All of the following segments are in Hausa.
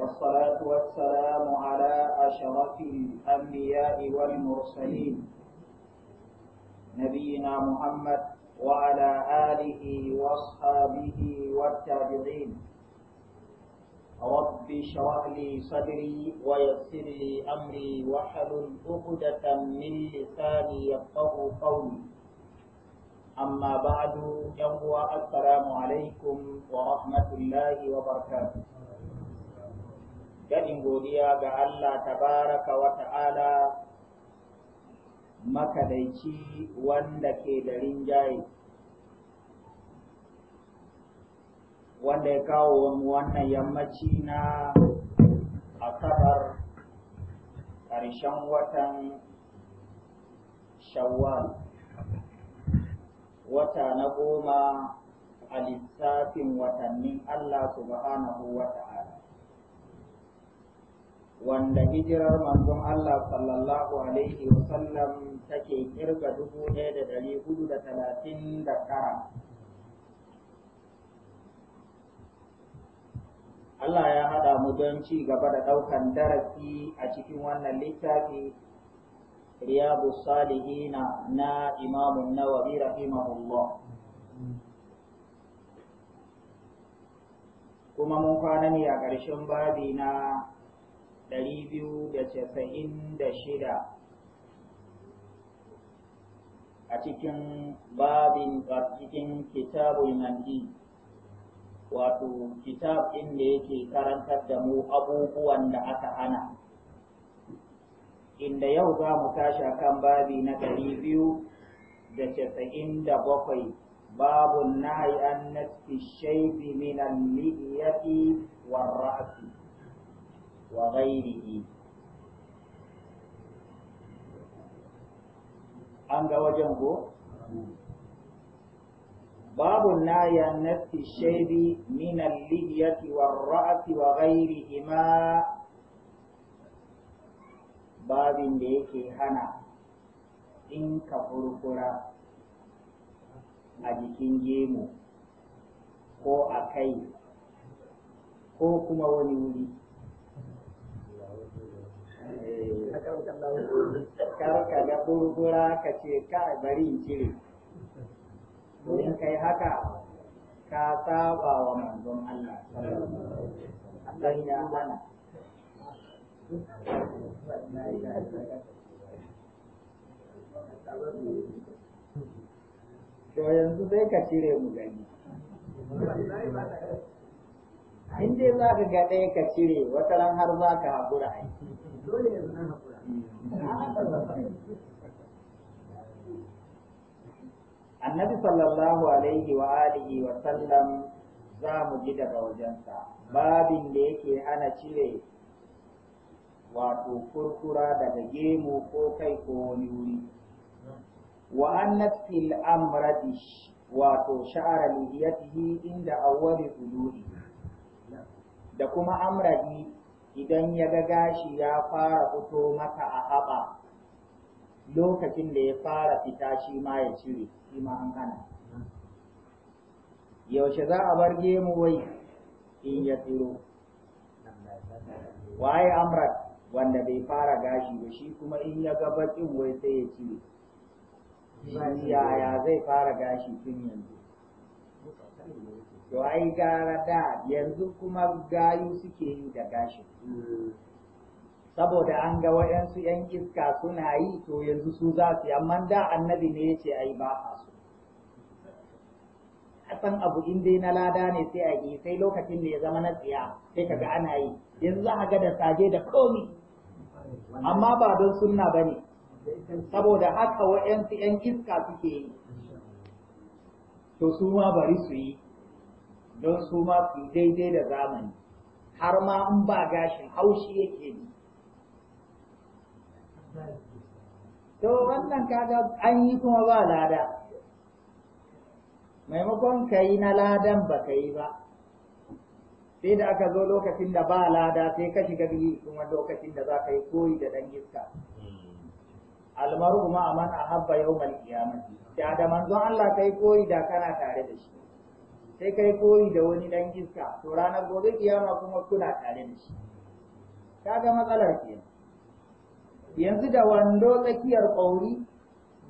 والصلاة والسلام على أشرف الأنبياء والمرسلين نبينا محمد وعلى آله وأصحابه والتابعين رب اشرح لي صدري ويسر لي أمري واحلل عقدة من لساني يفقه قولي أما بعد يوم السلام عليكم ورحمة الله وبركاته daɗin godiya ga Allah tabaraka wa ta'ala makadaici wanda ke da rinjaye wanda ya kawo mu wannan yammaci na asabar ƙarshen watan shawwal wata na goma a lissafin watannin Allah subhanahu wa ta'ala wanda hijirar manzon Allah sallallahu alaihi wasallam take kirga dubu ɗaya da ɗari hudu da talatin da tara. Allah ya haɗa mu don ci gaba da ɗaukan darasi a cikin wannan littafi Riyabu Salihina na Imamun Nawawi rahimahullah. Kuma mun kwana ne a ƙarshen babi na ɗari biyu da casa'in da shida a cikin babin a cikin kitabul mandi wato kitab ɗin da yake karantar da mu abubuwan da aka hana inda yau za mu tashi kan babi na ɗari biyu da casa'in da bakwai babun nahi an nafi shaibi minan mi'yati war وغيره an ga wajen ko? babu na ya nafi shaibi minan libiyati wa ra'ati wa ghairi ma. babin da yake hana in ka furfura a jikin gemu ko a kai ko kuma wani wuri Kar ka ga burbura ka ce ka bari in cire in kai haka ka saba wa manzon Allah Allah ya hana to yanzu sai ka cire mu gani in dai za ka ga ɗaya ka cire wata ran har za ka haƙura aiki dole yanzu na annabi sallallahu alaihi wa alihi wa sallam za mu ji daga wajensa babin da yake hana cire wato kurkura daga gemu ko kai ko wani wuri wa annatil amradi wato sha'ara lihiyatihi inda awwali uduri da kuma amradi idan ya ga gashi ya fara fito maka a haɓa lokacin da ya fara fita shi ma ya cire shi ma an hana yaushe za a bar gemu wai in ya tsiro waye amrat wanda bai fara gashi ba shi kuma in ya ga bakin wai sai ya cire yaya zai fara gashi tun yanzu to ai gara da yanzu kuma gayu suke yi da gashin saboda an ga waɗansu ‘yan iska suna yi to yanzu su za su yi amma da annabi ne ya ce ai ba a so san abu in dai na lada ne sai a yi sai lokacin da ya zama na tsiya sai kaga ana yi yanzu za a ga da sage da komi amma ba don sunna ba ne saboda haka waɗansu ‘yan iska suke yi to su ma bari su yi don su ma su daidai da zamani har ma in ba gashin haushi yake ne to wannan kaga an yi kuma ba lada maimakon ka yi na ladan ba ka yi ba sai da aka zo lokacin da ba lada sai ka shiga biyu kuma lokacin da za ka yi koyi da dan iska almaru ma aman ahabba yawmal qiyamati da da manzon Allah kai koyi da kana tare da shi sai kai koyi da wani dan giska to ranar gobe kiyama kuma kuna tare da shi kaga matsalar ke yanzu da wando tsakiyar ƙauri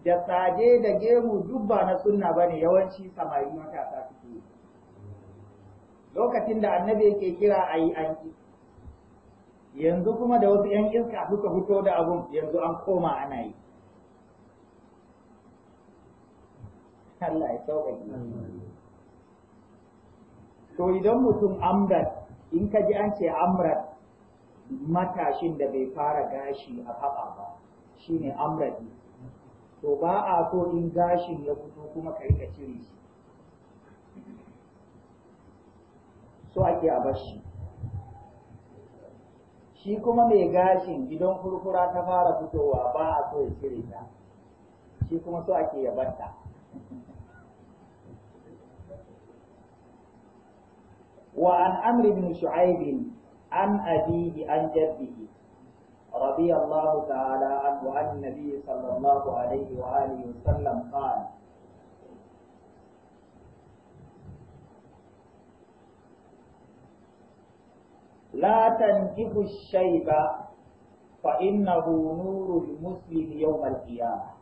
da tsaje da gemu duk ba na sunna bane yawanci samari matasa suke yi lokacin da annabi yake kira a yi an yanzu kuma da wasu 'yan iska suka fito da abun yanzu an koma ana yi Allah ya sauƙaƙe. to idan mutum amrat in ka ji an ce amrat matashin da bai fara gashi a haɓa ba ne amradi to ba a so in gashin ya fito kuma ka rika cire shi so ake a bashi shi kuma mai gashin gidan kurkura ta fara fitowa ba a so ya cire ta shi kuma so ake ya banta. وعن عمرو بن شعيب عن أبيه عن جده رضي الله تعالى عنه عن النبي صلى الله عليه وآله وسلم قال لا تنكح الشيب فإنه نور المسلم يوم القيامة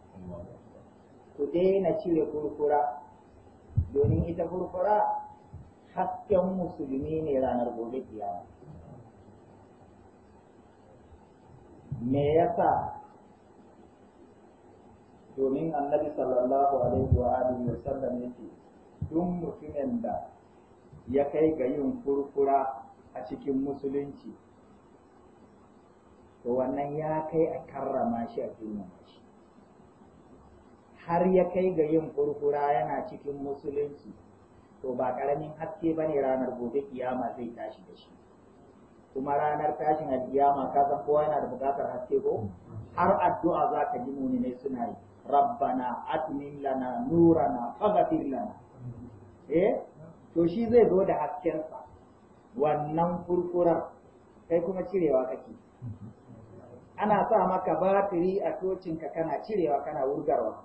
ku daina cire kurkura domin ita hasken musulmi ne ranar gobe kiyama me yasa domin annabi sallallahu alaihi wa alihi wa sallam yake duk mutumin da ya kai ga yin furfura a cikin musulunci to wannan ya kai a karrama shi a duniya shi har ya kai ga yin furfura yana cikin musulunci to ba karamin haske ba ne ranar gobe kiyama zai tashi da shi kuma ranar tashin alkiyama ka san kowa yana da buƙatar haske ko har addu'a za ka ji ne suna yi rabbana atmin lana nurana faghfir lana eh to shi zai zo da haskensa wannan furfurar kai kuma cirewa kake ana sa maka batiri a tocinka kana cirewa kana wurgarwa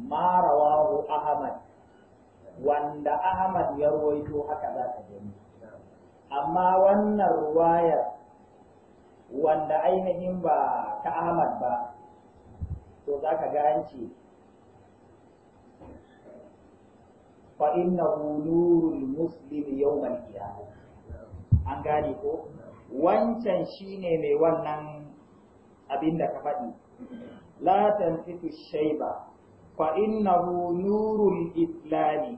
marawahu ahmad wanda ahmad ya ruwaito haka za ka gani amma wannan ruwayar wanda ainihin ba ta ahmad ba to za ka ganci fa innahu nurul muslim yawmal qiyamah an gane ko wancan shine mai wannan abin da ka faɗi la tanfitu shayba fa innahu nurul islami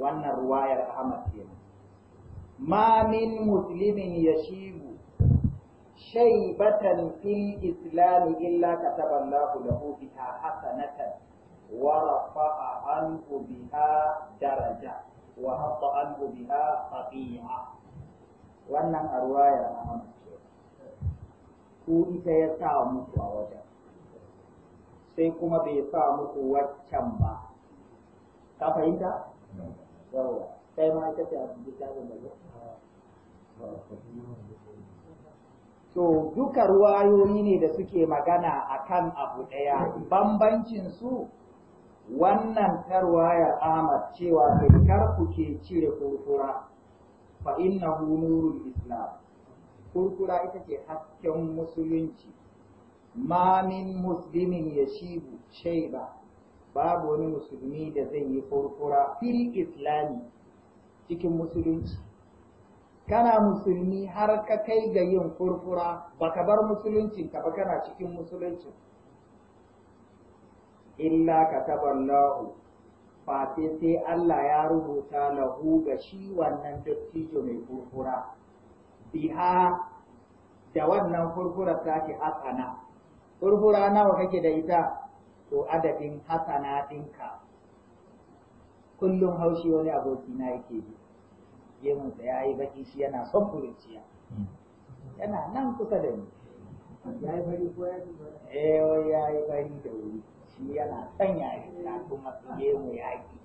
wannan ruwayar Ahmad kenan ma min muslimin yashibu shaybatan fil islam illa kataballahu lahu biha hasanatan wa rafa'a anhu biha daraja wa hatta anhu biha qati'a wannan a ruwayar Ahmad ku ita ya sa muku a wajen sai kuma bai sa muku waccan ba ka fahimta yawa Sai ma ita ce a littafin da to duka ruwayoyi ne da suke magana a kan abu ɗaya bambancin su wannan tarwayar Ahmad cewa kai kar ku ke cire kurkura fa innahu nurul islam kurkura ita ce hasken musulunci Mamin min muslimin yashibu shayba babu wani musulmi da zai yi furfura fil islami cikin musulunci kana musulmi har ka kai ga yin furfura baka bar musuluncin ka ba kana cikin musuluncin illa ka kataballahu ba sai Allah ya rubuta lahu ga shi wannan dattijo mai furfura biha da wannan furfura ta ke asana. furfura nawa kake da ita to adadin hasana ɗinka kullum haushi wani aboki na yake yi mun ya yi baki shi yana son kuruciya hmm. yana nan kusa da ni yayi bari ko ya yi bari eh wai yayi bari da wuri shi yana son ya yi ta kuma gemu mu yaki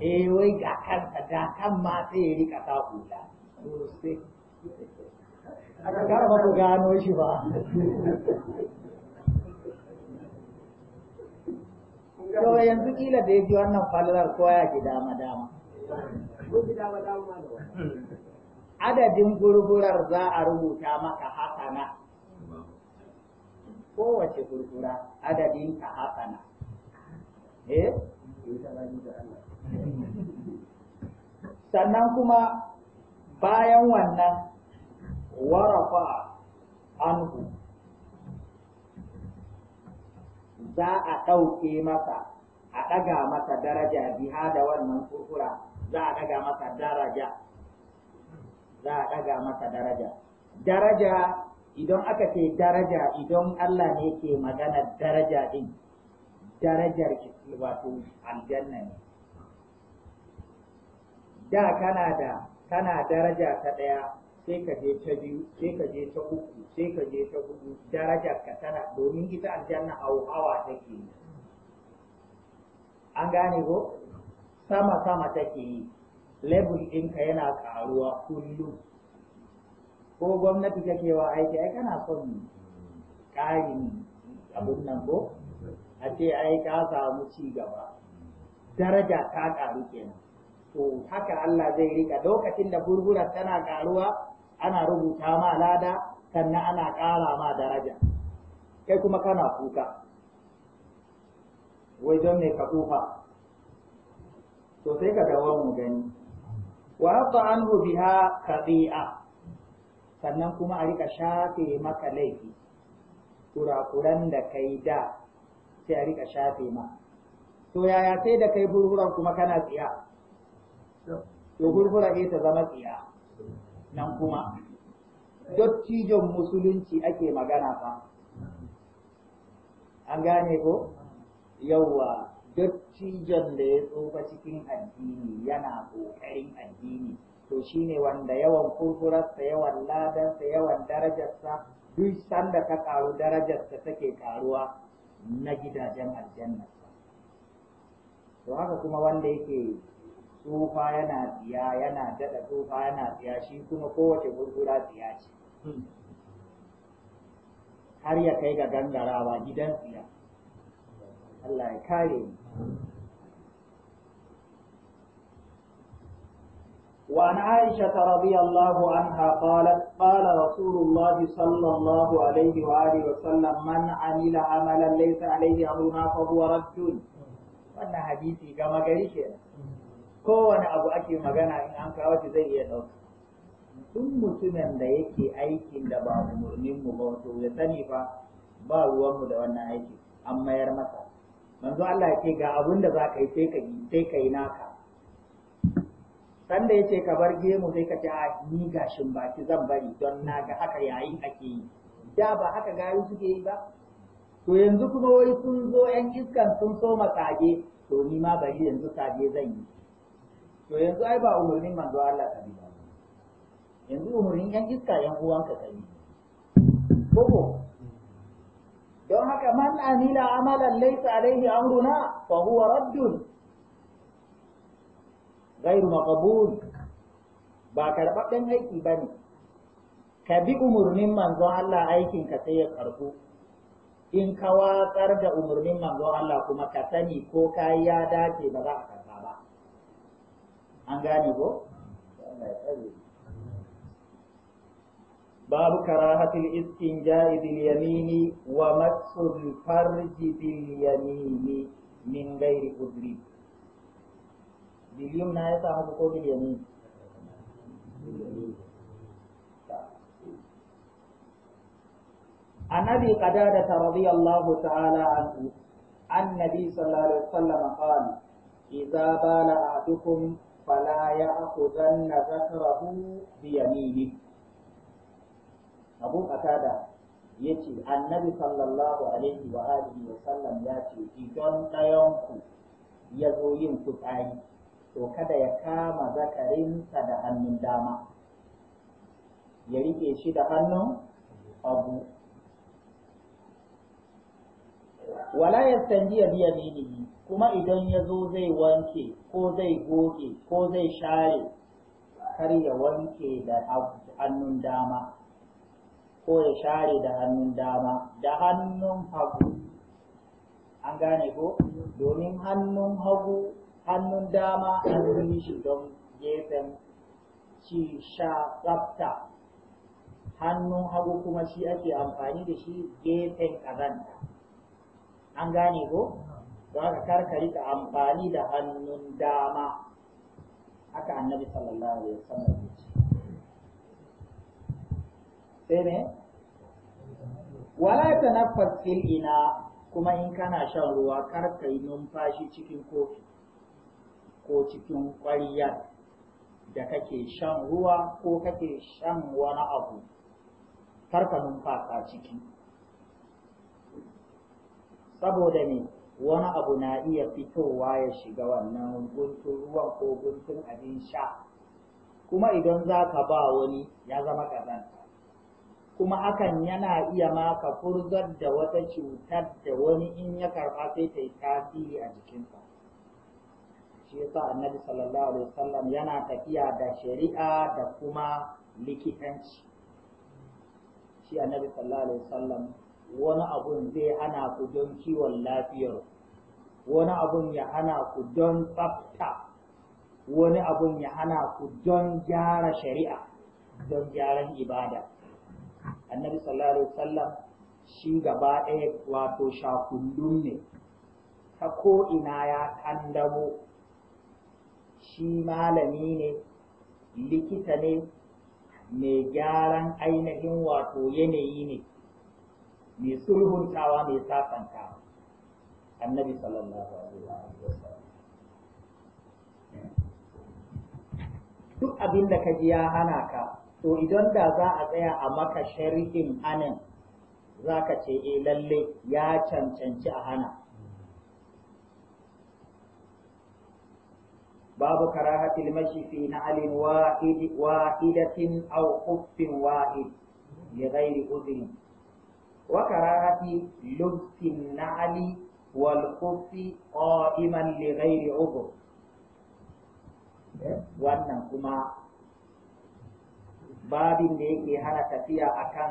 eh wai ga kansa da kan ma sai ya rika sa hula sai aka gara ba ku gano shi ba to yanzu kila da yake wannan falalar ko ya ji dama dama adadin gurgurar za a rubuta maka hasana kowace gurgura adadin ka hakana eh sannan kuma bayan wannan warafa anhu za a ɗauke masa a ɗaga masa daraja biha da wannan kurkura za a ɗaga masa daraja za a ɗaga masa daraja daraja idan aka ce daraja idan Allah ne ke magana daraja din darajar wato aljanna ne da kana da kana daraja ta ɗaya sai ka je ta biyu sai ka je ta uku sai ka je ta hudu daraja ka tana domin ita aljanna hawa take yi an gane ko sama sama take yi level ka yana ƙaruwa kullum ko gwamnati kake wa aiki ai kana son ƙarin abun nan ko a ce ai ka samu ci gaba daraja ta ƙaru kenan to haka Allah zai rika lokacin da burbura tana ƙaruwa ana rubuta ma lada sannan ana ƙara ma daraja kai kuma kana kuka wai don ne ka kufa to sai ka dawo mu gani wa hatta anhu biha qadi'a sannan kuma a rika shafe maka laifi kurakuran da kai da sai a rika shafe ma to yaya sai da kai burburan kuma kana tsiya to burbura ita zama tsiya nan kuma dottijon musulunci ake magana fa an gane ko yawwa dottijon da ya tsufa cikin addini yana ƙoƙarin addini to shine wanda yawan kurkurarsa yawan ladansa yawan darajarsa duk sanda ka karu darajarsa take karuwa na gidajen aljanna to haka kuma wanda yake tsufa yana tsiya yana daɗa tsufa yana tsiya shi kuma kowace gurgura tsiya ce hmm. har ya kai ga gangarawa gidan tsiya Allah ya kare mu وعن عائشة رضي الله عنها قالت قال رسول الله صلى الله عليه وآله وسلم من عمل عملا ليس عليه أمرنا فهو رد hadisi gama gari kowane abu ake magana in an kawo shi zai iya ɗauka tun mutumin da yake aikin da ba umarnin mu ba wato ya sani fa ba ruwan mu da wannan aiki an mayar masa manzo Allah ya ce ga abun da za ka yi sai ka yi ka naka sanda ya ce ka bar gemu sai ka ce a ni gashin baki zan bari don na ga haka yayin ake yi da ba haka gari suke yi ba to yanzu kuma wai sun zo yan iskan sun so matsage to ni ma bari yanzu sage zan yi to yanzu ai ba umarnin manzo Allah ka bi ba yanzu umarnin yan iska yan uwanka ka bi koko don haka man amila amalan laysa alaihi amruna fa huwa raddun ghairu maqbul ba karɓaɓɓen aiki ba ne ka bi umarnin manzon Allah aikinka sai ya karɓu in ka watsar da umarnin manzon Allah kuma ka sani ko ka ya dace ba za a an gane ko باب كراهة الاستنجاء باليمين ومس الفرج باليمين من غير قدر باليمنى يسعى باليمين عن ابي قتاده رضي الله تعالى عنه عن النبي صلى الله عليه وسلم قال اذا بال احدكم فلا يأخذن ذكره بيمينه أبو قتادة yace annabi sallallahu alaihi wa wa sallam ya ce idan ɗayanku ya zo yin fitsari to kada ya kama zakarinsa da hannun dama ya riƙe shi da hannun abu wala yastanjiya bi yaminihi kuma idan ya zo zai wanke ko zai goge ko zai share kar ya wanke da hannun dama ko ya share da hannun dama da hannun hagu an gane ko domin hannun hagu hannun dama an yi shi don gefen ci sha tsafta hannun hagu kuma shi ake amfani da shi gefen ƙazanta an gane ko don ka karkari ka amfani da hannun dama haka annabi sallallahu alaihi wasallam ya ce sai ne wala tanaffas fil ina kuma in kana shan ruwa kar ka yi numfashi cikin kofi ko cikin ƙwarya da kake shan ruwa ko kake shan wani abu kar ka numfasa ciki saboda me wani abu na iya fitowa ya shiga wannan guntun ruwan ko guntun abin sha kuma idan za ka ba wani ya zama ƙazanta kuma hakan yana iya maka furgar da wata cutar da wani in ya karɓa sai ta yi tasiri a jikinsa shi yasa annabi sallallahu alaihi wasallam yana tafiya da shari'a da kuma likitanci shi annabi sallallahu alaihi wasallam wani abun zai hana ku don kiwon lafiyar wani abun ya hana ku don tsafta wani abun ya hana ku don gyara shari'a don gyaran ibada annabi sallallahu alaihi wasallam shi gaba ɗaya wato shakullun ne ta ko'ina ina ya kandamo shi malami ne likita ne mai gyaran ainihin wato yanayi ne mai sulhuntawa mai sasanta? annabi sallallahu alaihi wasallam duk abin da ka ji ya hana ka to idan da za a tsaya a maka sharhin anan za ka ce e lalle ya cancanci a hana babu karahatil mashi fi na'alin wahidatin aw khuffin wahid ya gairi udhrin wa karahati lubsin na'ali wal khuffi qa'iman li ghairi ughur wannan kuma babin da yake hana tafiya akan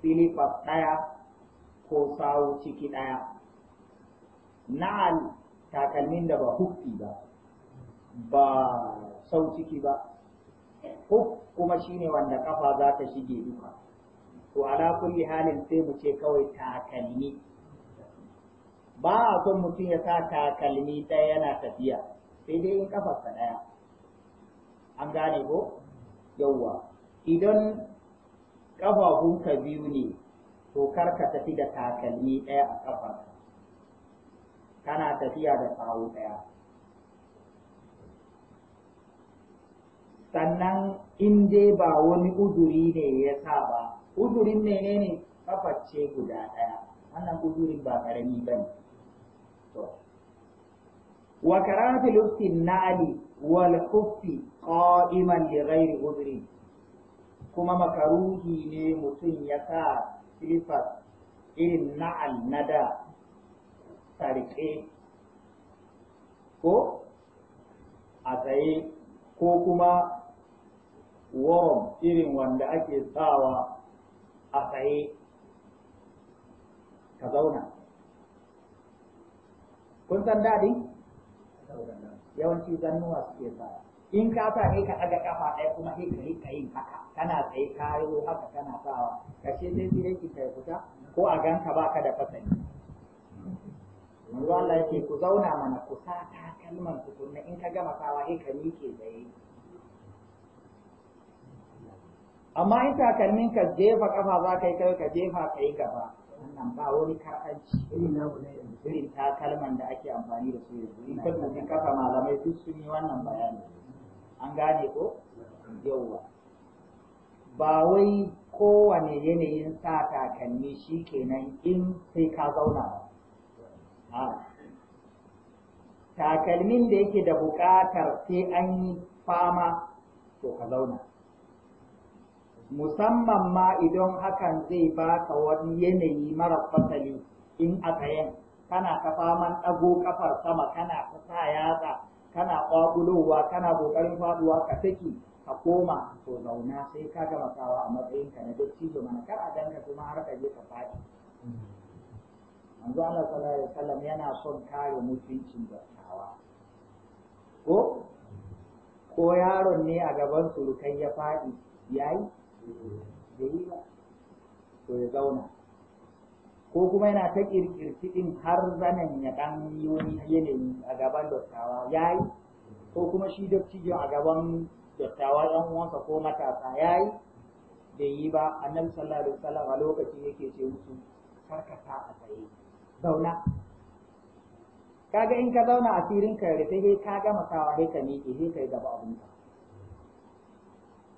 silifas ɗaya ko sawu ciki ɗaya na'al takalmin da ba hukki ba ba sau ciki ba huk kuma shine wanda kafa za ta shige duka to ala kulli halin sai mu ce kawai takalmi ba a son mutum ya sa takalmi ɗaya yana tafiya sai dai in kafarsa ɗaya an gane ko yauwa idan ƙafafunka biyu ne to kar ka tafi da takalmi ɗaya a ƙafarka kana tafiya da sawu ɗaya sannan in dai ba wani uduri ne ya sa ba uzurin menene kafacce guda ɗaya wannan kudurin ba ƙarami ba ne wa karatu luftin nali wal huffi ƙa'iman da ghairi kuma makaruhi ne mutum ya sa silifas irin na'al na da sarƙe ko a tsaye ko kuma warm irin wanda ake sawa a tsaye ka zauna kun san daɗi yawanci zannuwa suke sa in ka sa ne ka ɗaga ƙafa ɗaya kuma sai ka rika yin haka kana tsaye ka yi haka kana sawa kashe sai sai ki kai fita ko a ganka baka da fasali manzo Allah yake ku zauna mana ku sa takalman tukunna in ka gama sawa sai ka miƙe tsaye amma in takalmin ka jefa kafa za ka yi kai ka jefa ka yi gaba wannan ba wani karɓanci irin takalman da ake amfani da su yanzu in kalmomin kafa malamai duk sun yi wannan bayani an gane ko yauwa ba wai kowane yanayin sa takalmi shi kenan in sai ka zauna ba takalmin da yake da buƙatar sai an yi fama to ka zauna musamman ma idan hakan zai baka wani yanayi mara fasali in a kana ta faman ɗago ƙafar sama kana ta sa yatsa kana ƙwaƙulowa kana ƙoƙarin faɗuwa ka saki ka koma to zauna sai ka gama sawa a matsayinka na dattijo mana kar a danka kuma har ka je ka faɗi manzo Allah sallallahu alaihi wasallam yana son kare mutuncin dattawa ko ko yaron ne a gaban surukai ya faɗi yayi da yi to ya zauna ko kuma yana ta kirkirci din har zanen ya dan yi wani yanayi a gaban dottawa ya yi ko kuma shi dattijo a gaban dottawa ɗan uwansa ko matasa ya yi da yi ba annabi sallallahu alaihi wasallam a lokaci yake ce musu karkata a tsaye zauna kaga in ka zauna a asirin ka rufe sai ka gama sawa sai ka miƙe sai ka yi gaba abinka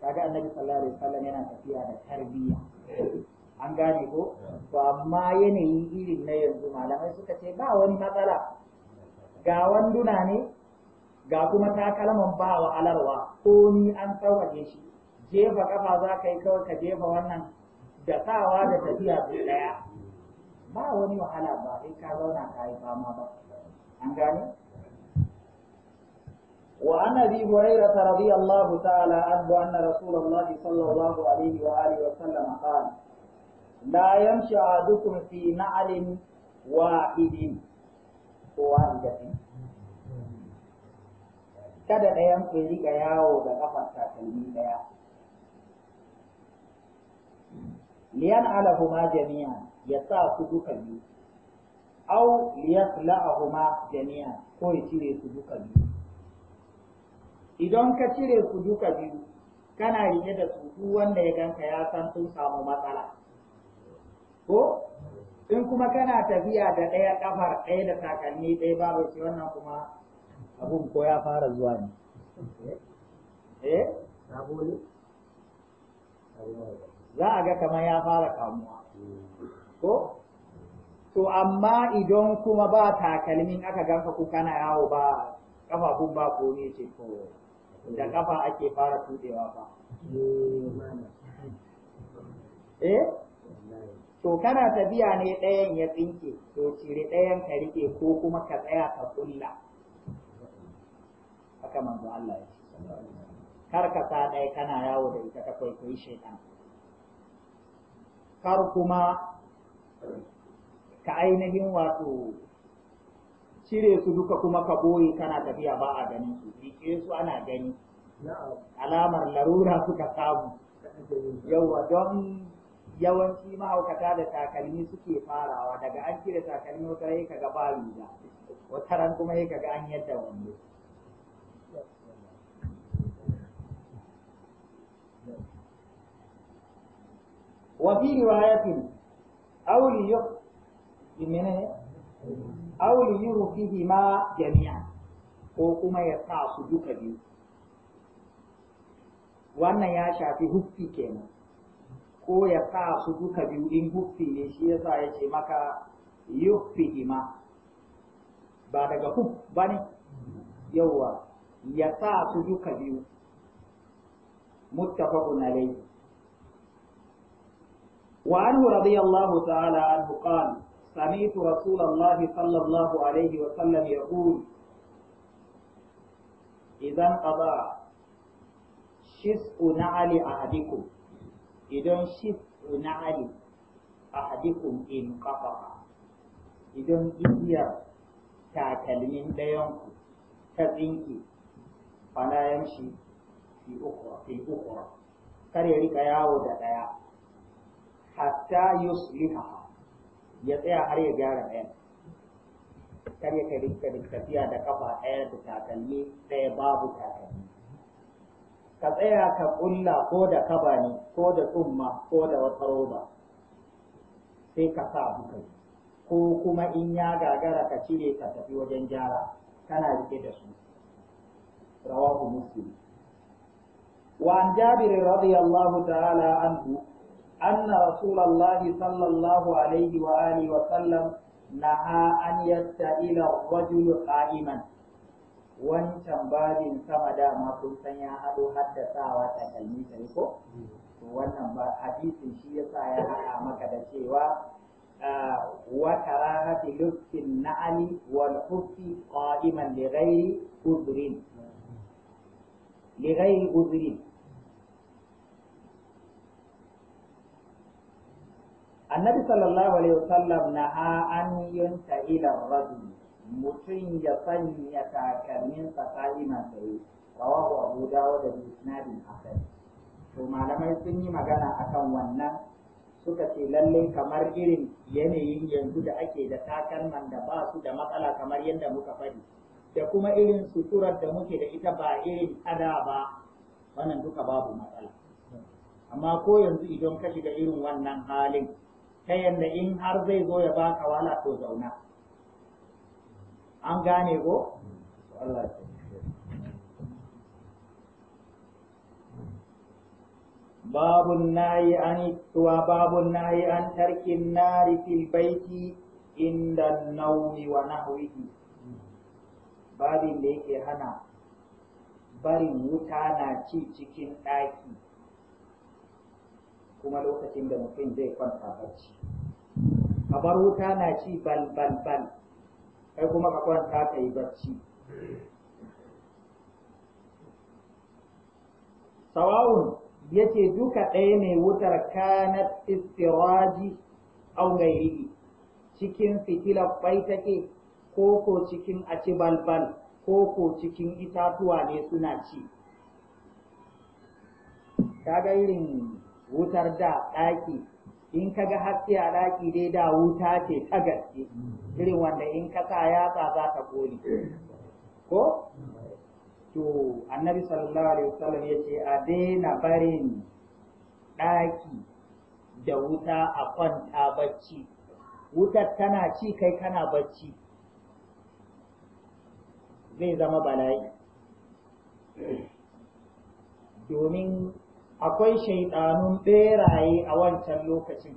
kaga annabi sallallahu alaihi wasallam yana tafiya da tarbiyya an gane ko to amma yanayi irin na yanzu malamai suka ce ba wani matsala ga wanduna ne ga kuma takalman ba alarwa ko ni an sauwaje shi jefa kafa za ka yi kawai ka jefa wannan da sawa da tafiya su daya ba wani wahala ba sai ka zauna ka yi fama ba an gane وعن ابي هريره رضي الله تعالى عنه ان رسول الله صلى الله عليه واله وسلم قال لا يمشي احدكم في نعل واحد واحدة kada ɗayan ku riƙa yawo da ƙafar takalmi ɗaya liyan alahuma jami'a ya sa su duka biyu au liyasla'ahuma jami'a ko ya cire su duka biyu idan ka cire su duka biyu kana riƙe da su duk wanda ya ganka ya san sun samu matsala ko in kuma kana tafiya da ɗaya kafar ɗaya da takalmi ɗaya babu shi wannan kuma abun ko ya fara zuwa ne eh za a ga kamar ya fara kamuwa ko to amma idan kuma ba takalmin aka ganka ku kana yawo ba kafafun ba ko ne ce ko da kafa ake fara tudewa ba. eh to kana tafiya ne ɗayan ya tsinke to cire ɗayan ka rike ko kuma ka tsaya ka kulla haka manzo Allah ya ce kar ka sa ɗaya kana yawo da ita ka kwaikwayi shaitan kar kuma ka ainihin wato cire su duka kuma ka ɓoye kana tafiya ba a ganin su rike su ana gani alamar larura suka samu yauwa don yawanci mahaukata da takalmi suke farawa daga an cire takalmi wata rai kaga ba riga wata ran kuma ya kaga an yadda wando wa fi riwayatin aw li ne? aw li yurfihi ma jami'an ko kuma ya sa su duka biyu wannan ya shafi hufi kenan ko ya sa su duka biyu in hufi ne shi yasa ya ce maka yuffihi ma ba daga huf ba ne yauwa ya sa su duka biyu muttafaqun alayhi وعنه رضي الله تعالى عنه قال سمعت رسول الله صلى الله عليه وسلم يقول إذا قضى شسء نعل أحدكم إذا شسء نعل أحدكم انقطع إذا إذا تعتلمين ليونكم تبينك فلا يمشي في أخرى في أخرى كريرك يا ودايا حتى يصلحها ya tsaya har ya gyara ɗayan kar ya kai rikka tafiya da kafa ɗaya da takalmi ɗaya babu takalmi ka tsaya ka ƙulla ko da kaba ne ko da tsumma ko da wata roba sai ka sa bukai ko kuma in ya gagara ka cire ka tafi wajen gyara kana rike da su rawahu muslim وعن جابر رضي الله تعالى عنه أن رسول الله صلى الله عليه وآله وسلم نهى أن يستئل الرجل قائما wancan babin sama dama kun san ya haɗo haddasawa takalmi ta ko wannan ba hadisin shi yasa ya haɗa maka da cewa wa karahati lufin na'ani wal hufi annabi sallallahu alaihi wasallam na an yanta ila rajul mutum ya sanya takalmin tsakani masaye rawahu abu dawud da isnadin hasan to malamai sun yi magana akan wannan suka ce lalle kamar irin yanayin yanzu da ake da takalman da ba su da matsala kamar yadda muka fadi da kuma irin suturar da muke da ita ba irin ada ba wannan duka babu matsala amma ko yanzu idan ka shiga irin wannan halin ta yadda in har zai zo ya baka wala to zauna an gane ko Allah nayi an tuwa عن nayi an tarkin nari fil baiti inda nauni wa nahwihi babin da yake hana barin wuta na ci cikin ɗaki kuma lokacin da mutum zai kwanta barci a wuta na ci bal bal bal kai kuma ka kwanta ka yi barci ya ce duka ɗaya mai wutar kanat istiraji au gairi cikin fitilar kwai take ko ko cikin aci bal, ko ko cikin itatuwa ne suna ci ta irin wutar da ɗaki in ka ga haske a ɗaki dai da wuta ce ta gaske irin wanda in ka sa yatsa za ta koli ko to annabi sallallahu alaihi wasallam ya ce a daina barin ɗaki da wuta a kwanta bacci wutar tana ci kai kana bacci zai zama bala'i domin akwai shaiɗanun ɓeraye a wancan lokacin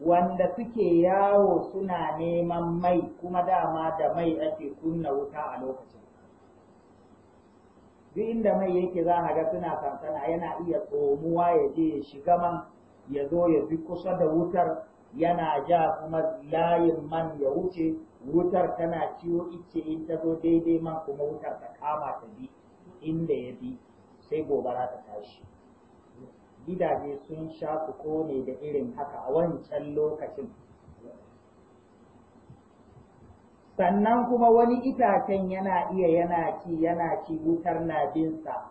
wanda suke yawo suna neman mai kuma dama da mai ake kunna wuta a lokacin duk inda mai yake za a ga suna sansana yana iya tsomuwa ya je ya shiga man ya zo ya bi kusa da wutar yana ja kuma layin man ya wuce wutar tana ciwo ice in ta zo daidai man kuma wutar ta kama ta bi inda ya bi sai gobara ta tashi gidaje sun sha kone da irin haka a wancan lokacin sannan kuma wani itacen yana iya yana ci yana ci wutar na binsa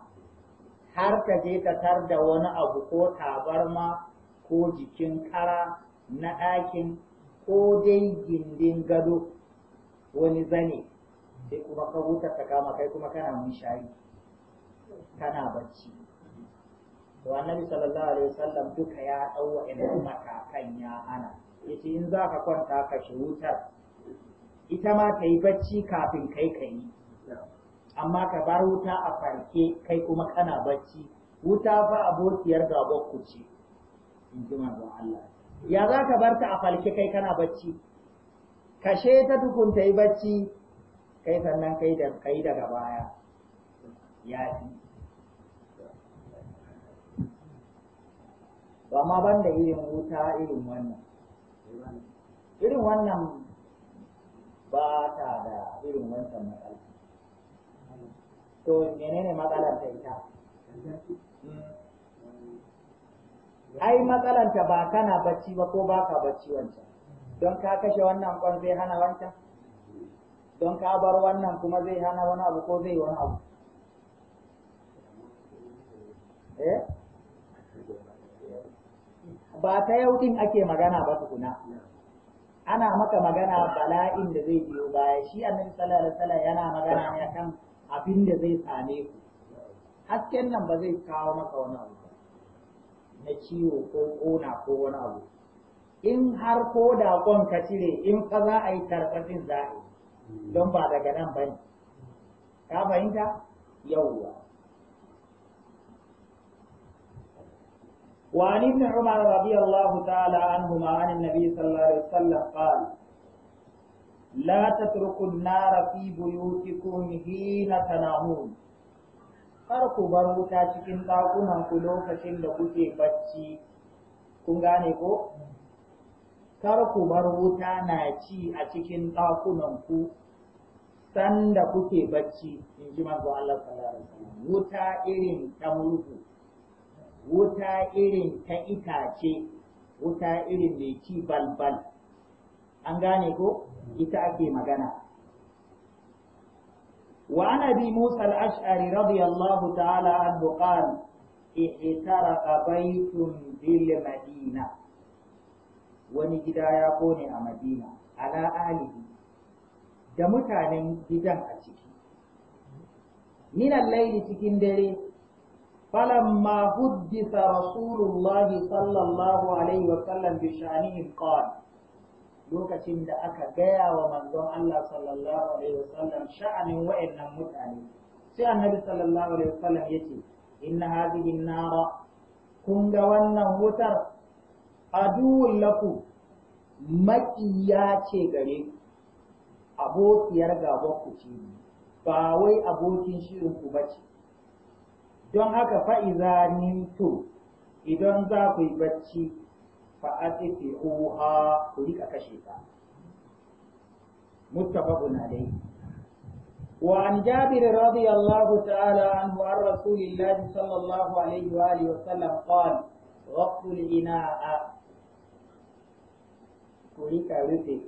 har ka je ka tar da wani abu ko tabarma ko jikin kara na ɗakin ko dai gindin gado wani zane sai kuma ka wuta ta kama kai kuma kana mun shayi kana bacci to annabi sallallahu alaihi wasallam duka ya dawo ina matakan ya ana yace in za ka kwanta ka shuta wutar ita ma ta yi bacci kafin kai ka yi amma ka bar wuta a farke kai kuma kana bacci wuta fa abokiyar gabar ku ce in ji manzon Allah ya za ka bar ta a falke kai kana bacci kashe ta tukun ta yi bacci kai sannan kai da kai daga baya ya fi to amma ban da irin wuta irin wannan irin wannan ba ta da irin wancan matsala to menene matsalar ta ita hmm. ai matsalar ta ba kana bacci ba ko ba ka bacci wancan don ka kashe wannan kwan zai hana wancan don ka bar wannan kuma zai hana wani abu ko zai wani abu eh ba ta yau din ake magana ba tukuna ana maka magana bala'in da zai biyo baya shi annabi sallallahu alaihi wasallam yana magana ne akan abin da zai same ku hasken nan ba zai kawo maka wani abu na ciwo ko kona ko wani abu in har ko da kon ka cire in ka za a yi tarfatin za don ba daga nan ba ne ka fahimta yauwa وعن ابن عمر رضي الله تعالى عنهما عن النبي صلى الله عليه وسلم قال لا تتركوا النار في بيوتكم حين تنامون kar ku bar wuta cikin ɗakunan ku lokacin da kuke bacci kun gane ko kar ku bar wuta na ci a cikin ɗakunan ku sanda kuke bacci in ji manzo Allah sallallahu alaihi wasallam wuta irin ta murhu wuta irin ta itace wuta irin mai ci balbal an gane ko ita ake magana Musa ابي موسى radiyallahu رضي الله تعالى عنه قال احترق بيت madina. wani gida ya kone a madina ala alihi da mutanen gidan a ciki minan laidi cikin dare فلما حدث رسول الله صلى الله عليه وسلم بشأنهم قال lokacin da aka gaya wa manzon Allah sallallahu alaihi wasallam sha'anin wa'annan mutane sai annabi sallallahu alaihi wasallam yace inna hadhihi an-nara kun ga wannan wutar aduwwun laku maƙiya ce gare ku abokiyar gaban ku ce ba wai abokin shirin ku bace don haka fa’iza nito idan za ku yi bacci fa’aɗi fi ƙuha ku rika kashe ta. Mustapha Bunadai. Wa an jabir radiyallahu ta’ala an buwar Rasulillahi sallallahu alaihi wa alihi wasallam ƙwal waqtul ina'a ku rika rufe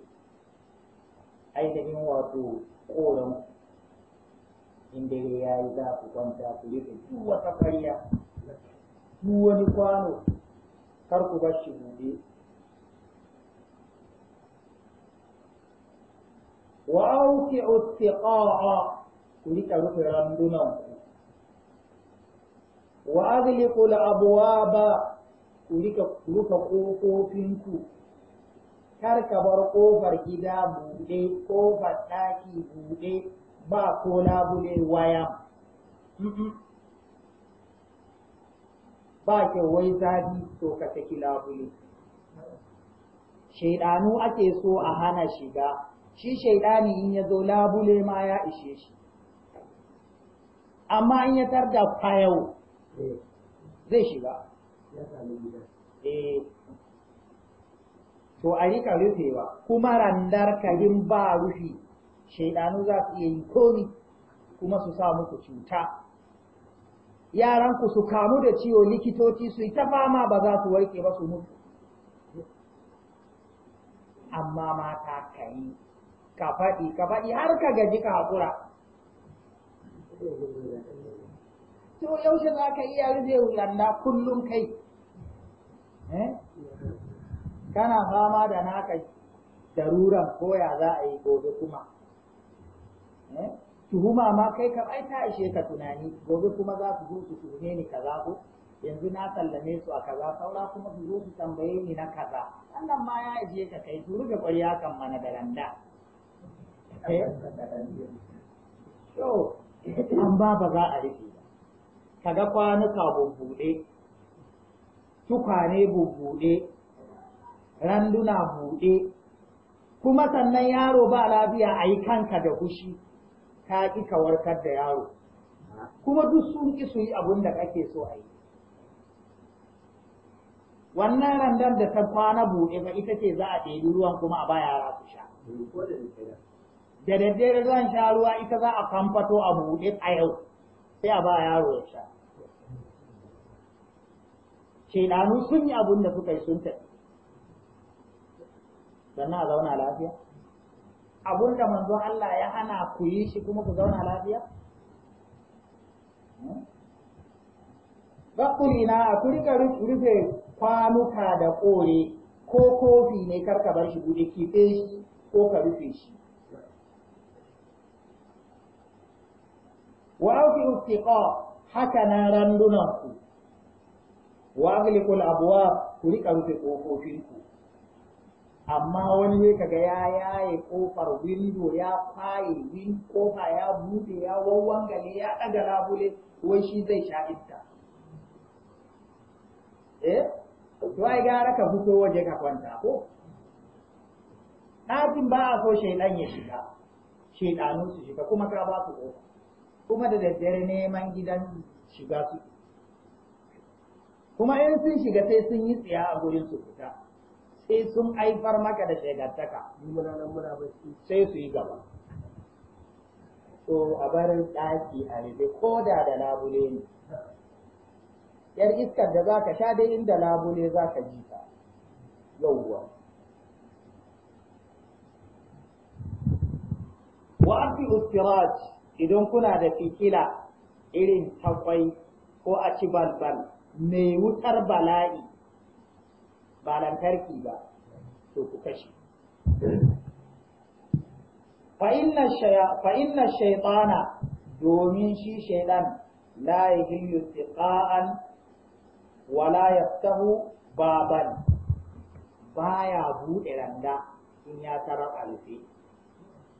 aikakin wato ƙoron in dare ya yi za ku kwanta ku rufe duk wata ƙarya duk wani kwano kar ku bar shi buɗe wa auki uttiqa'a ku riƙa rufe randunan ku wa aghliqu al-abwaba ku rika rufe ku, kar ka bar ƙofar gida buɗe ƙofar ɗaki buɗe ba ko labule waya ba ke wai zafi so ka saki labule shaidanu ake so a hana shiga shi shaidani in ya zo labule ma ya ishe shi amma in ya tarda fayau eh. zai shiga eh. to a rika rufewa kuma randar karin ba rufi shaidanu za su iya yi komi kuma su sa muku cuta yaranku su kamu da ciwo likitoci su yi ta fama ba za su warke ba su mutu amma mata ka yi ka faɗi ka faɗi har ka gaji ka haƙura to yaushe za ka iya rufe wuyanda kullum kai eh? kana fama da naka daruran koya za a yi gobe kuma Eh? tuhuma ma kai kam ai ta ishe ka tunani gobe kuma za su zo su tuhume ni kaza ko yanzu na sallame su a kaza saura kuma su zo su tambaye ni na kaza wannan ma ya ishe ka kai turu da ƙwarya kan mana da randa eh? to an ba ba za a rufe ba kaga kwanuka bubbuɗe tukwane bubbuɗe randuna buɗe kuma sannan yaro ba lafiya a yi kanka da hushi ka ƙi ka warkar da yaro kuma duk sun ƙi su yi abin da kake so a yi wannan randar da ta kwana buɗe ba ita ce za a ɗebi ruwan kuma a ba yara su sha da daddare ruwan sha ruwa ita za a kamfato a buɗe a yau sai a ba yaro ya sha shaidanu sun yi abin da suka yi sun tafi sannan a zauna lafiya abun da manzon Allah ya hana ku yi shi kuma ku zauna lafiya hmm? Bakulina ku rika rufe kwanuka da kore ko kofi ne karka bar shi bude kife shi ko ka rufe shi wa auki uftiqa haka na randunan ku wa aglikul abwab ku rika rufe kofofin ku amma wani ne kaga ya yaye kofar windo ya faye win kofa ya bude ya wawwangale ya daga labule wai shi zai sha iska eh to ai gara ka fito waje ka kwanta ko ɗakin ba a so shaidan ya shiga shaidanun su shiga kuma ka ba su kofa kuma da daddare neman gidan shiga su kuma in sun shiga sai sun yi tsiya a gurin su fita sai sun aifar maka da shegantaka sai su yi gaba so a barin ɗaki a rufe ko da da labule ne yar iskar da za ka sha dai inda labule za ka ji ta yauwa wa afi ustiraj idan kuna da fikila irin takwai ko a ci balbal mai wutar bala'i ba lantarki ba to ku kashe fa inna shaytana domin shi shaidan la yahillu tiqa'an wa la yaftahu baban baya bude randa in ya tara alfi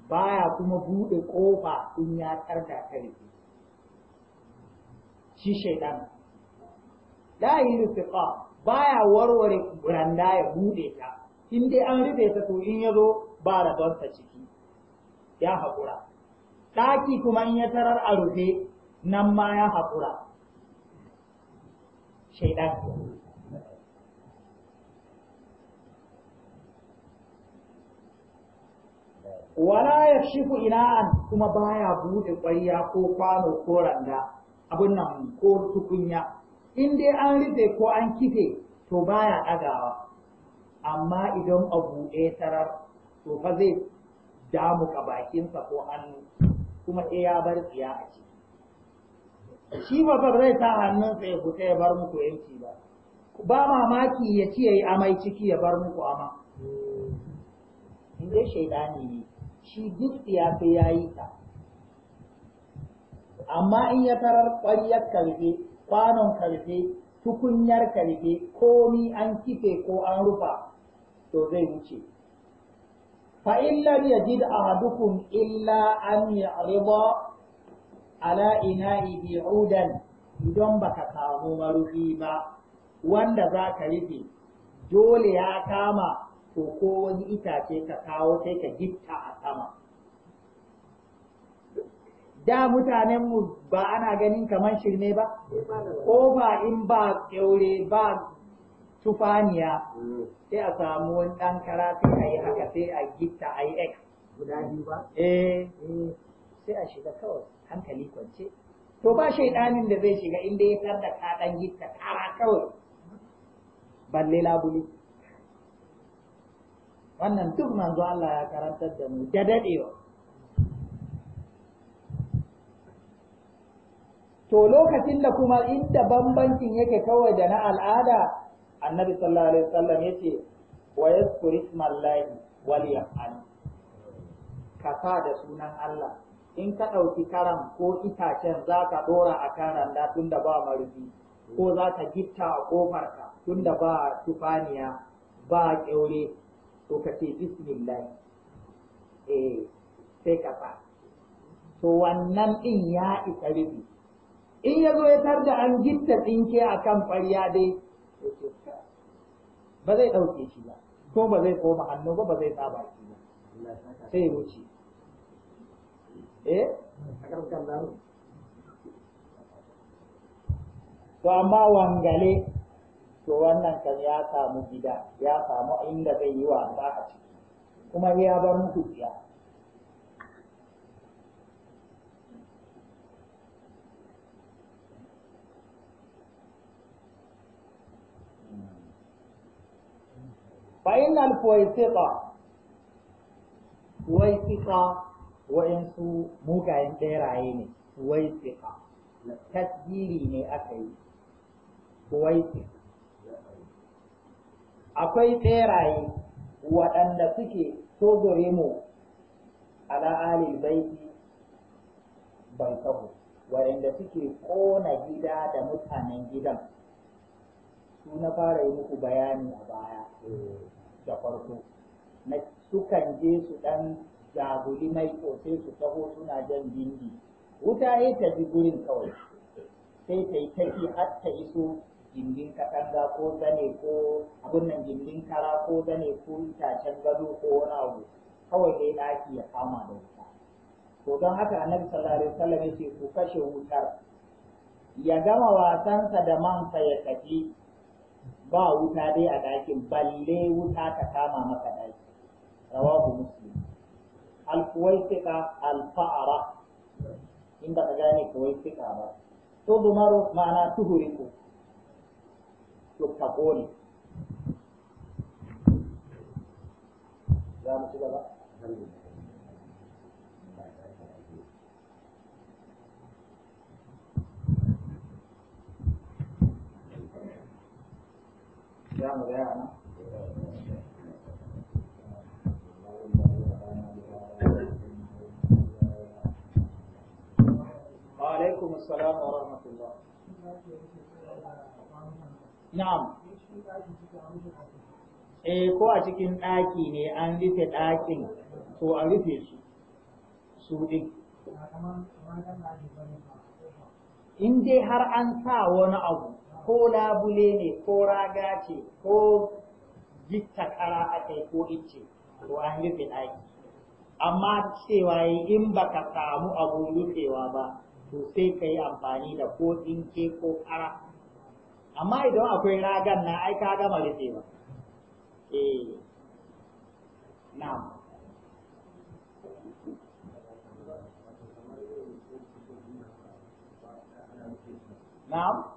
baya kuma bude kofa in ya tarda ta rufe shi shaidan la yahillu tiqa'an baya warware randa ya bude ta in dai an rufe ta to in ya zo ba rabonsa ciki ya haƙura daki kuma in ya tarar a rufe nan ma ya haƙura shaidan wala ya shifu ina'an kuma baya bude ƙwarya ko kwano ko randa abin nan ko tukunya in dai an rufe ko an kife to baya ɗagawa amma idan a buɗe tarar to fa zai damuka bakinsa ko hannu kuma sai ya bar tsiya a ciki shi ba ba zai sa hannunsa ya fita ya bar muku yanki ba ba mamaki ya ci yayi amai ciki ya bar muku ama in dai shaidani ne shi duk tsiya sai yayi yi ta amma in ya tarar ƙwariyar kalbe kwanon karfe tukunyar karfe komi an kife ko an rufa to zai wuce fa illam yajid ahadukum illa an ya'rida ala bi udan idan baka samu marufi ba wanda za ka rufe dole ya kama to ko wani itace ka kawo sai ka gitta a sama da mutanenmu ba ana ganin kamar shirme ba ko ba in ba kyaure ba tufaniya mm. sai a samu wani ɗan kara sai a yi haka sai a gitta a yi ex. guda biyu ba eh. eh sai a shiga kawai hankali kwance to ba shaidanin da zai shiga inda ya tarda ka ɗan gitta kara kawai balle labuli wannan duk manzo Allah ya karantar da mu da daɗewa. to lokacin da kuma inda bambancin yake kawai da na al'ada annabi sallallahu alaihi wasallam yace wa yazkur ismallahi wal yaf'al ka sa da sunan Allah in ka ɗauki karam ko itacen za ka ɗora a karan da tun da ba marfi ko za ka gitta a ƙofarka tun da ba tufaniya ba ƙyaure to ka ce bismillah eh sai ka sa to wannan ɗin ya isa rubi in ya zo ya tar da an gitta tsinke a kan ƙwarya dai ba zai ɗauke shi ba ko ba zai koma hannu ba ba zai tsaba shi ba sai wuce eh to amma wangale to wannan kan ya samu gida ya samu inda zai yi wasa a ciki kuma ya bar mutu tsiya fa'in alfuwaisiƙa waisiƙa wa'insu mugayen ɗeraye ne waisiƙa tasgiri ne aka yi waisiƙa akwai ɓeraye waɗanda suke togore mu ala alil baiti bai taho waɗanda suke ƙona gida da mutanen gidan su na fara yi muku bayani a baya da farko na sukan je su ɗan jaguli mai sai su taho suna jan bindi wuta ya ta bi gurin kawai sai ta yi taki, har ta iso gindin katanga ko zane ko abin nan gindin kara ko zane ko itacen gado ko wani abu kawai dai daki ya kama da wuta to don haka annabi sallallahu alaihi wasallam yake ku kashe wutar ya gama wasansa da mansa ya tafi ba wuta dai a ɗakin balle wuta ta kama maka ɗaki rawahu muslim alkuwaisika alfa'ara in ba ka gane kuwaisika ba to dumaru ma'ana tuhuriku to ka kone za mu ci mu eh ko a cikin ɗaki ne an rufe ɗakin to a rufe su su ɗin har an sa wani abu ko labule ne ko raga ce ko gitta kara kai ko ice to an rufe ɗaki amma cewa in baka samu abun rufewa ba to sai ka yi amfani da ko ke ko kara amma idan akwai ragan na ai ka gama rufewa eh na'am na'am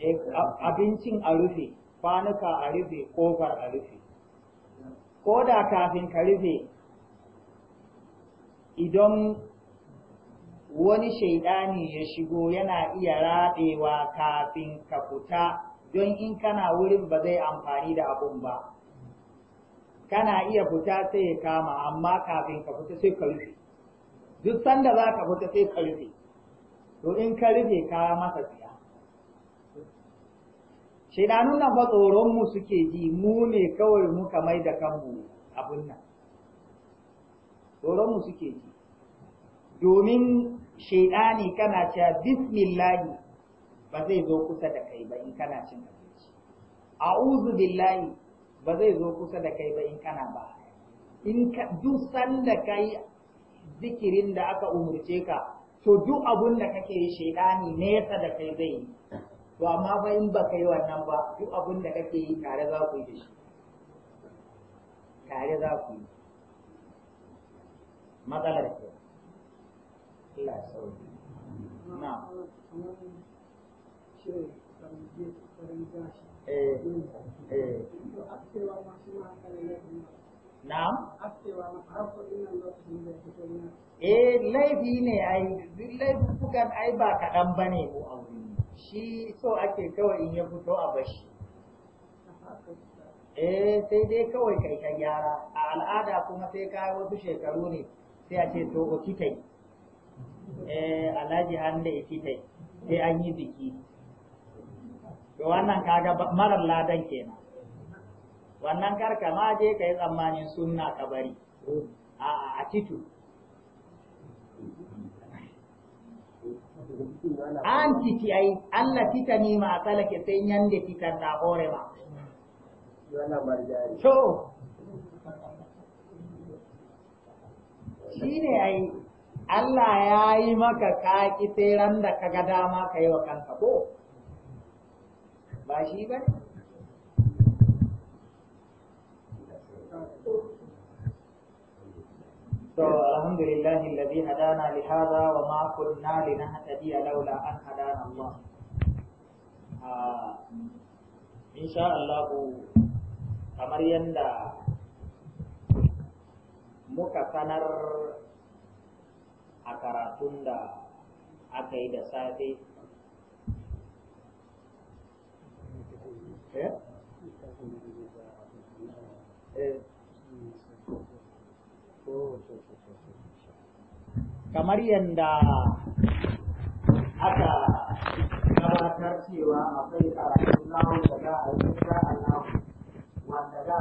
Eh, abincin a rufe kwanuka a rufe kofar a rufe ko da kafin ka rufe idan wani shaidani ya shigo yana iya raɗewa kafin ka fita don in kana wurin ba zai amfani da abun ba kana iya fita sai ya kama amma kafin ka fita sai ka rufe duk sanda za ka fita sai ka rufe to in ka rufe ka masa siya shaidanun nan ba tsoron mu suke ji mu ne kawai muka mai da kanmu abun nan tsoron suke ji domin shaidani kana cewa bismillahi ba zai zo kusa da kai ba in kana cin abinci a'udhu billahi ba zai zo kusa da kai ba in kana ba in ka duk sanda kai zikirin da aka umurce ka to duk abun da kake shaidani nesa da kai zai yi to amma fa in baka yi wannan ba duk abin da kake yi tare za ku yi da shi tare za ku yi matsalar ke ila ya na eh, eh. Na'am? Eh laifi ne ai, laifukan ai ba kaɗan ba ne ko a shi so ake kawai in ya fito a bashi eh sai dai kawai kai ka gyara a al'ada kuma sai ka wasu shekaru ne sai a ce to kitai. eh alhaji handa kitai. sai an yi biki to wannan kaga marar ladan kenan wannan karka ma je ka yi tsammanin sunna ka bari a a titu an titi ai Allah tita ni ma asala ke sai nyande tita da hore ma to shine ai Allah ya yi maka kaki sai ran da ga dama ka yi wa kanka ko ba shi ba ne So, alhamdulillah, الذي هدانا لهذا وما كنا لنهتدي لولا أن هدانا الله. Insha allahu kamar yadda muka sanar a karatun da aka yi da safe. Eh? Eh, kamar yadda aka gabatar cewa akwai karatun nawo da za a yi wanda za